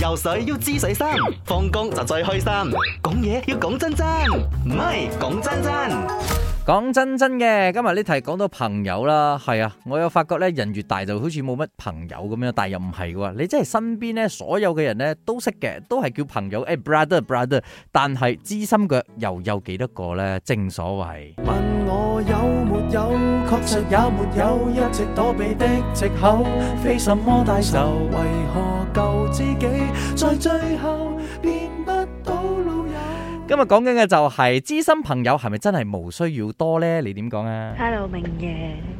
游水要知水深，放工就最開心。講嘢要講真真，唔係講真真，講真真嘅。今日呢題講到朋友啦，係啊，我有發覺呢，人越大就好似冇乜朋友咁樣，但又唔係嘅喎。你真係身邊呢，所有嘅人呢都識嘅，都係叫朋友誒，brother brother，但係知心嘅又有幾多個呢？正所謂，問我有沒有，確實也沒有，一直躲避的藉口，非什麼大仇，為何舊？最後變不到老。今日講緊嘅就係知心朋友係咪真係無需要多呢？你點講啊？Hello，明嘅，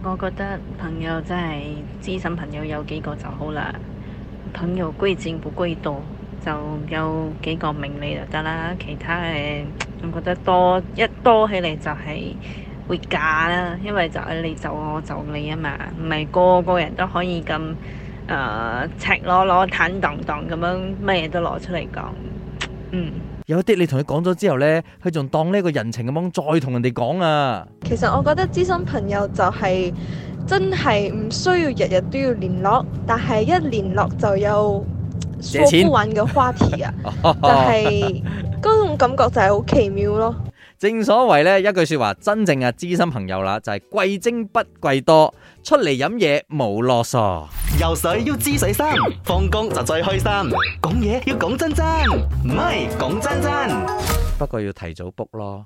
我覺得朋友真係知心朋友有幾個就好啦。朋友貴賤不貴多，就有幾個明理就得啦。其他嘅，我覺得多一多起嚟就係會假啦。因為就係你就我就你啊嘛，唔係個個人都可以咁。誒，赤裸裸、坦蕩蕩咁樣，乜嘢都攞出嚟講。嗯，有啲你同佢講咗之後呢，佢仲當呢一個人情咁樣再同人哋講啊。其實我覺得知心朋友就係真係唔需要日日都要聯絡，但係一聯絡就有借錢玩嘅 p a 啊，就係嗰種感覺就係好奇妙咯。正所謂呢一句說話真正啊，知心朋友啦，就係貴精不貴多，出嚟飲嘢冇囉嗦。游水，要知水深，放工就最開心。講嘢要講真真，唔係講真真。不過要提早 book 咯。